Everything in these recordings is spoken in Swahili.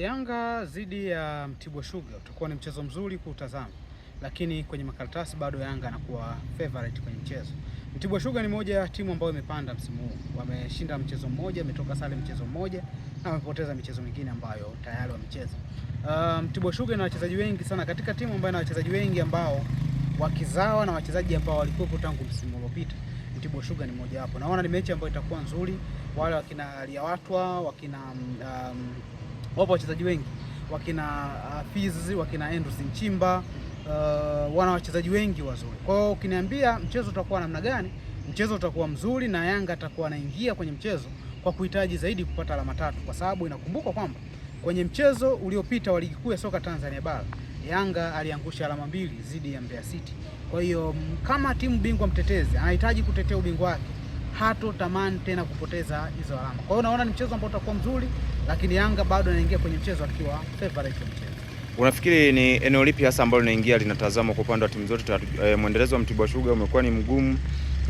Yanga dhidi ya Mtibwa Sugar utakuwa ni mchezo mzuri kuutazama, lakini kwenye makaratasi bado Yanga anakuwa favorite kwenye mchezo. Mtibwa Sugar ni moja ya timu ambayo imepanda msimu huu, wameshinda mchezo mmoja, ametoka sare mchezo mmoja na wamepoteza michezo mingine ambayo tayari wamecheza. Uh, Mtibwa Sugar ina wachezaji wengi sana katika timu ambayo ina wachezaji wengi ambao wakizawa na wachezaji ambao walikuwepo tangu msimu uliopita. Mtibwa Sugar ni wapo. naona ni mechi ambayo itakuwa nzuri. Wale wakina Aliawatwa wakina um, wapo wachezaji wengi wakina uh, Fizz, wakina Andrew Sinchimba uh, wana wachezaji wengi wazuri. Kwa hiyo ukiniambia mchezo utakuwa namna gani, mchezo utakuwa mzuri na Yanga atakuwa anaingia kwenye mchezo kwa kuhitaji zaidi kupata alama tatu, kwa sababu inakumbukwa kwamba kwenye mchezo uliopita wa ligi kuu ya soka Tanzania bara Yanga aliangusha alama mbili dhidi ya Mbeya City. Kwa hiyo kama timu bingwa mtetezi anahitaji kutetea ubingwa wake hatotamani tena kupoteza hizo alama. Kwa hiyo naona ni mchezo ambao utakuwa mzuri, lakini Yanga bado anaingia kwenye mchezo akiwa favorite mchezo. Unafikiri ni eneo lipi hasa ambalo linaingia linatazama kwa upande wa timu zote? E, mwendelezo wa Mtibwa Sugar umekuwa ni mgumu.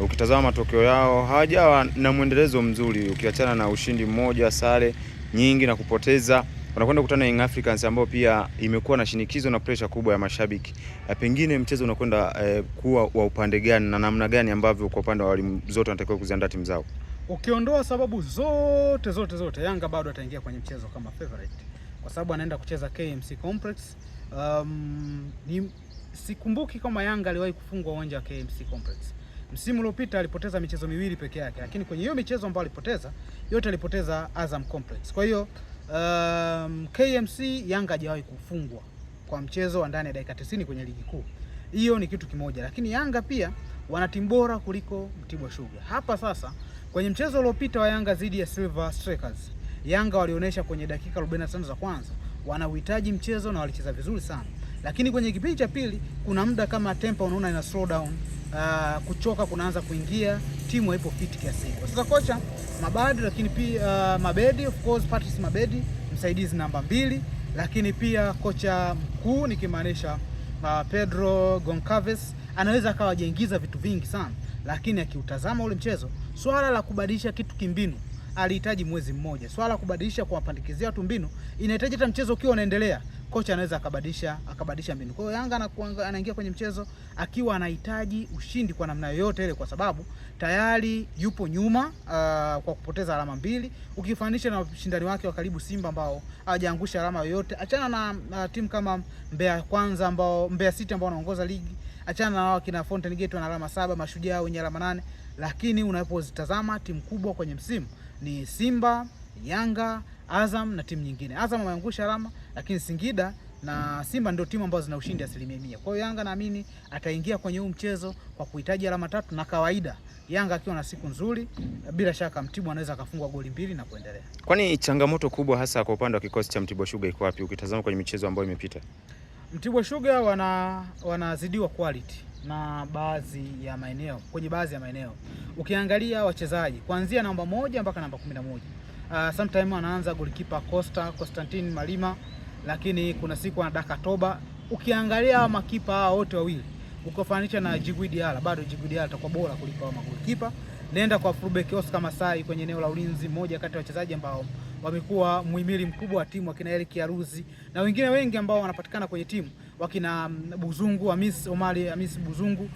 Ukitazama matokeo yao hawajawa na mwendelezo mzuri, ukiachana na ushindi mmoja, sare nyingi na kupoteza wanakwenda kukutana Young Africans ambao pia imekuwa na shinikizo na pressure kubwa ya mashabiki. Na eh, Pengine mchezo unakwenda eh, kuwa wa upande gani na namna gani ambavyo kwa upande wa walimu zote wanatakiwa kuziandaa timu zao? Ukiondoa sababu zote zote zote, Yanga bado ataingia kwenye mchezo kama favorite kwa sababu anaenda kucheza KMC Complex. Um, ni sikumbuki kama Yanga aliwahi kufungwa uwanja wa KMC Complex. Msimu uliopita alipoteza michezo miwili peke yake, lakini kwenye hiyo michezo ambayo alipoteza yote alipoteza Azam Complex. Kwa hiyo um, KMC Yanga hajawahi kufungwa kwa mchezo wa ndani ya dakika 90 kwenye ligi kuu. Hiyo ni kitu kimoja, lakini Yanga pia wana timu bora kuliko Mtibwa Sugar. Hapa sasa kwenye mchezo uliopita wa Yanga dhidi ya Silver Strikers, Yanga walionyesha kwenye dakika 45 za kwanza wana uhitaji mchezo na walicheza vizuri sana. Lakini kwenye kipindi cha pili kuna muda kama tempo unaona ina slow down, uh, kuchoka kunaanza kuingia, timu haipo fit kiasi Kwa Sasa kocha Mabadi, lakini pia uh, Mabedi of course, Patrice Mabedi msaidizi namba mbili, lakini pia kocha mkuu nikimaanisha uh, Pedro Goncaves anaweza akawa hajaingiza vitu vingi sana, lakini akiutazama ule mchezo, swala la kubadilisha kitu kimbinu alihitaji mwezi mmoja. Swala kubadilisha kuwapandikizia watu mbinu inahitaji hata mchezo ukiwa unaendelea, kocha anaweza akabadilisha akabadilisha mbinu. Kwa hiyo Yanga anaingia kwenye mchezo akiwa anahitaji ushindi kwa namna yoyote ile, kwa sababu tayari yupo nyuma uh, kwa kupoteza alama mbili ukifanisha na ushindani wake wa karibu Simba ambao hawajaangusha alama yoyote. Achana na uh, timu kama Mbeya kwanza ambao Mbeya City ambao wanaongoza ligi, achana na wao kina Fountain Gate wana alama saba, Mashujaa wenye alama nane lakini unapozitazama timu kubwa kwenye msimu ni Simba, Yanga, Azam na timu nyingine. Azam ameangusha alama, lakini Singida na Simba ndio timu ambazo zina ushindi asilimia mia. Kwa hiyo Yanga naamini ataingia kwenye huu mchezo kwa kuhitaji alama tatu, na kawaida Yanga akiwa na siku nzuri, bila shaka Mtibwa anaweza akafungwa goli mbili na kuendelea. Kwani changamoto kubwa hasa kwa upande wa kikosi cha Mtibwa Sugar iko wapi ukitazama kwenye michezo ambayo imepita? Mtibwa Sugar wana wanazidiwa quality na baadhi ya maeneo kwenye baadhi ya maeneo ukiangalia wachezaji kuanzia namba moja mpaka namba kumi na moja uh, sometime anaanza golikipa Costa Constantin Malima, lakini kuna siku ana daka Toba. Ukiangalia makipa hawa wote wawili ukifananisha na Djigui Diarra, bado Djigui Diarra atakuwa bora kuliko hawa magolikipa. Nenda kwa fullback Oscar Masai kwenye eneo la ulinzi, mmoja kati ya wachezaji ambao wamekuwa muhimili mkubwa wa timu akina Eric Aruzi na wengine wengi ambao wanapatikana kwenye timu wakina Buzungu, Hamis Omari, Hamis Buzungu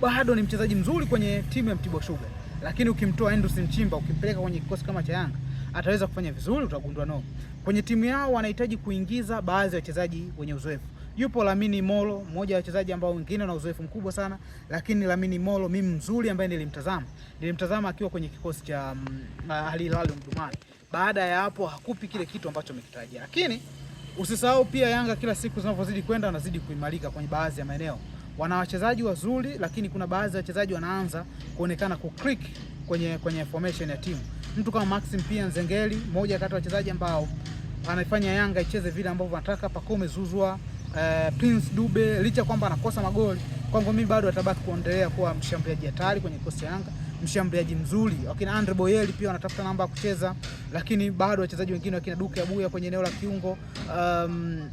bado ni mchezaji mzuri kwenye timu ya Mtibwa Sugar, lakini ukimtoa Endus Mchimba ukimpeleka kwenye kikosi kama cha Yanga ataweza kufanya vizuri, utagundua no. Kwenye timu yao wanahitaji kuingiza baadhi ya wachezaji wenye uzoefu. Yupo Lamini Molo, mmoja wa wachezaji ambao wengine na uzoefu mkubwa sana, lakini Lamini Molo mimi mzuri ambaye nilimtazama, nilimtazama akiwa kwenye kikosi cha mm, Al Hilal Omdurman. Baada ya hapo hakupi kile kitu ambacho amekitarajia, lakini Usisahau pia Yanga kila siku zinavyozidi kwenda wanazidi kuimarika kwenye baadhi ya maeneo. Wana wachezaji wazuri, lakini kuna baadhi ya wachezaji wanaanza kuonekana ku click kwenye, kwenye formation ya timu. Mtu kama Maxim pia Nzengeli, mmoja kati ya wachezaji ambao anaifanya Yanga icheze vile ambavyo wanataka. Pacome Zouzoua, eh, Prince Dube licha kwamba anakosa magoli, kwangu mimi bado atabaki kuendelea kuwa mshambuliaji hatari kwenye kosi ya Yanga, mshambuliaji mzuri. Wakina Andre Boyeli pia wanatafuta namba ya kucheza lakini bado wachezaji wengine wakina Duke Abuya kwenye eneo la kiungo um,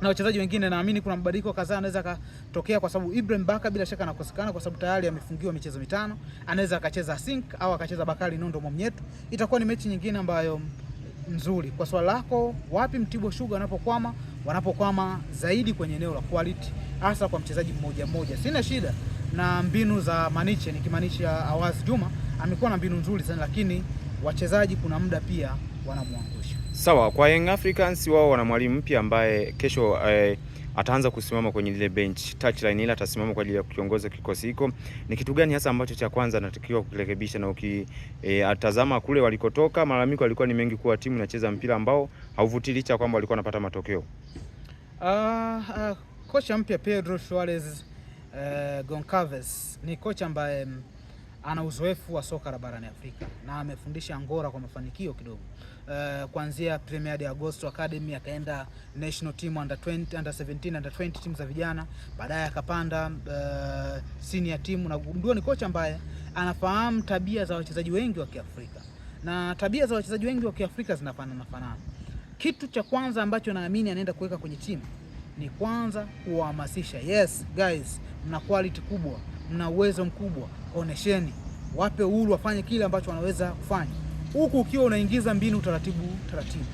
na wachezaji wengine naamini kuna mabadiliko kadhaa anaweza akatokea, kwa sababu Ibrahim Baka bila shaka anakosekana kwa sababu tayari amefungiwa michezo mitano. Anaweza akacheza Sink au akacheza Bakari Nondo Mwamnyeto. Itakuwa ni mechi nyingine ambayo nzuri. Kwa swali lako, wapi Mtibwa Sugar wanapokwama? Wanapokwama zaidi kwenye eneo la quality, hasa kwa mchezaji mmoja mmoja. Sina shida na mbinu za Maniche, nikimaanisha Awazi Juma amekuwa na mbinu nzuri sana, lakini wachezaji kuna muda pia wanamwangusha. Sawa, kwa Young Africans wao wana mwalimu mpya ambaye kesho eh, ataanza kusimama kwenye lile bench touchline, ila atasimama kwa ajili ya kukiongoza kikosi hiko. Ni kitu gani hasa ambacho cha kwanza anatakiwa kurekebisha? Na ukitazama eh, e, kule walikotoka, malalamiko yalikuwa ni mengi kuwa timu inacheza mpira ambao hauvutii licha kwamba walikuwa wanapata matokeo. Uh, uh, kocha mpya Pedro Suarez uh, Goncalves ni kocha ambaye um, ana uzoefu wa soka la barani Afrika na amefundisha Angola kwa mafanikio kidogo. Uh, kuanzia Premier de Agosto Academy akaenda national team under 20, under 17, under 20 timu za vijana, baadaye akapanda uh, senior team, na ndio ni kocha ambaye anafahamu tabia za wachezaji wengi wa Kiafrika na tabia za wachezaji wengi wa Kiafrika zinafanana fanana. Kitu cha kwanza ambacho naamini anaenda kuweka kwenye timu ni kwanza kuwahamasisha, yes guys, mna quality kubwa mna uwezo mkubwa, onesheni, wape uhuru wafanye kile ambacho wanaweza kufanya, huku ukiwa unaingiza mbinu taratibu taratibu.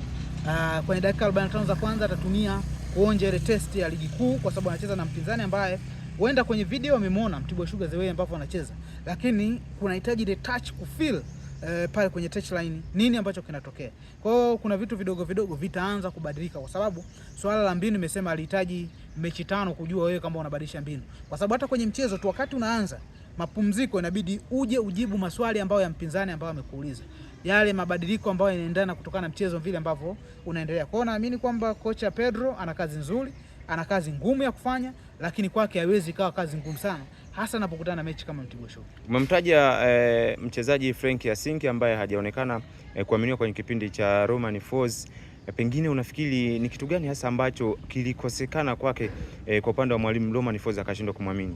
Aa, ah, kwenye dakika 45 za kwanza atatumia kuonja ile test ya ligi kuu, kwa sababu anacheza na mpinzani ambaye huenda kwenye video amemwona Mtibwa Sugar the way ambapo anacheza, lakini kunahitaji ile touch kufeel eh, pale kwenye touch line, nini ambacho kinatokea. Kwa hiyo kuna vitu vidogo vidogo vitaanza kubadilika, kwa sababu swala la mbinu nimesema alihitaji mechi tano kujua wewe kama unabadilisha mbinu, kwa sababu hata kwenye mchezo tu wakati unaanza mapumziko inabidi uje ujibu maswali ambayo ya mpinzani ambayo amekuuliza, yale mabadiliko ambayo yanaendana kutokana na mchezo vile ambavyo unaendelea. Kwa hiyo naamini kwamba kocha Pedro ana kazi nzuri ana kazi ngumu ya kufanya, lakini kwake haiwezi ikawa kazi ngumu sana, hasa anapokutana na mechi kama Mtibwa Show. Umemtaja e, mchezaji Frank Yasinki ambaye hajaonekana e, kuaminiwa kwenye kipindi cha Roman Force eh, pengine unafikiri ni kitu gani hasa ambacho kilikosekana kwake eh, kwa upande wa mwalimu Roman Folz akashindwa kumwamini?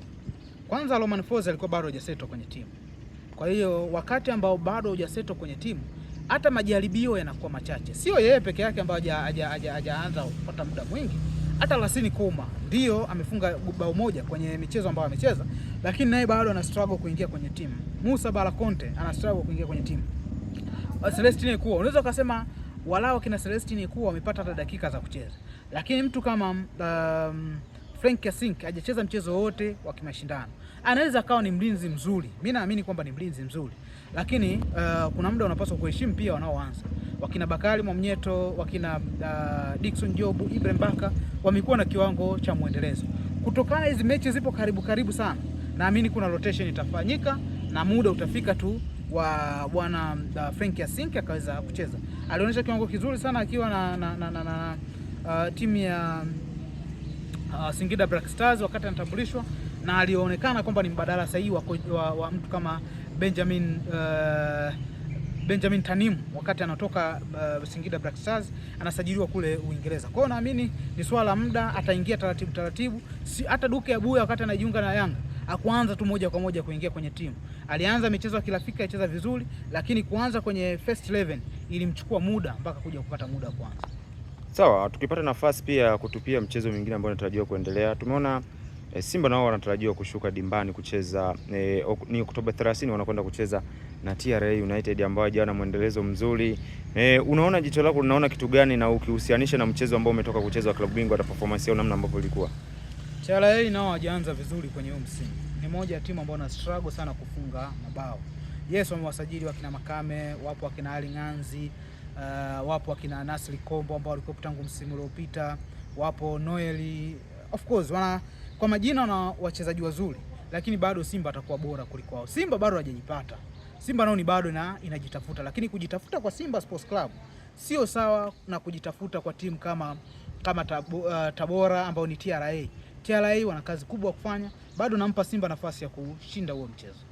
Kwanza Roman Folz alikuwa bado hajaseto kwenye timu, kwa hiyo wakati ambao bado hujasetwa kwenye timu hata majaribio yanakuwa machache. Sio yeye peke yake ambaye hajaanza kupata muda mwingi, hata Lasini Kuma ndio amefunga bao moja kwenye michezo ambayo amecheza, lakini naye bado ana struggle kuingia kwenye timu. Musa Balakonte ana struggle kuingia kwenye timu. Celestine Kuwa unaweza ukasema walao kina Celestine Kuwa wamepata hata dakika za kucheza, lakini mtu kama um, Frank Kasink hajacheza mchezo wote wa kimashindano. Anaweza akawa ni mlinzi mzuri, mimi naamini kwamba ni mlinzi mzuri, lakini uh, kuna muda unapaswa kuheshimu pia wanaoanza wakina Bakari Mwamnyeto, wakina uh, Dickson Jobu, Ibrahim Baka wamekuwa na kiwango cha mwendelezo kutokana hizi mechi zipo karibu karibu sana. Naamini kuna rotation itafanyika na muda utafika tu wa bwana uh, Frank Kasink akaweza kucheza. Alionyesha kiwango kizuri sana akiwa na, na, na, na, na uh, timu ya uh, Singida Black Stars wakati anatambulishwa na alionekana kwamba ni mbadala sahihi wa, wa, wa mtu kama Benjamin uh, Benjamin Tanim wakati anatoka uh, Singida Black Stars anasajiliwa kule Uingereza. Kwa hiyo naamini ni swala muda, ataingia taratibu taratibu. Si hata Duke Abuya wakati anajiunga na Yanga akuanza tu moja kwa moja kuingia kwenye timu. Alianza michezo ya kirafiki acheza vizuri, lakini kuanza kwenye first 11 ilimchukua muda mpaka kuja kupata muda kwanza. Sawa, tukipata nafasi pia kutupia mchezo mwingine ambao unatarajiwa kuendelea. Tumeona e, Simba nao wanatarajiwa kushuka dimbani kucheza e, ok, ni Oktoba 30 wanakwenda kucheza na TRA United ambao jana mwendelezo mzuri. E, unaona jicho lako unaona kitu gani na ukihusianisha na mchezo ambao umetoka kuchezwa klabu bingwa na performance yao namna ambavyo ilikuwa? TRA nao wajaanza vizuri kwenye huu msimu. Ni moja ya timu ambao na struggle sana kufunga mabao. Yes, wamewasajili wakina Makame, wapo wakina Ali Nganzi Uh, wapo akina Nasri Kombo ambao walikuwa tangu msimu uliopita, wapo Noeli, of course wana kwa majina na wachezaji wazuri, lakini bado Simba atakuwa bora kuliko wao. Simba bado hajajipata, Simba nao ni bado na inajitafuta, lakini kujitafuta kwa Simba Sports Club sio sawa na kujitafuta kwa timu kama kama tabu, uh, eh, Tabora ambao ni TRA. TRA wana kazi kubwa kufanya, bado nampa Simba nafasi ya kushinda huo mchezo.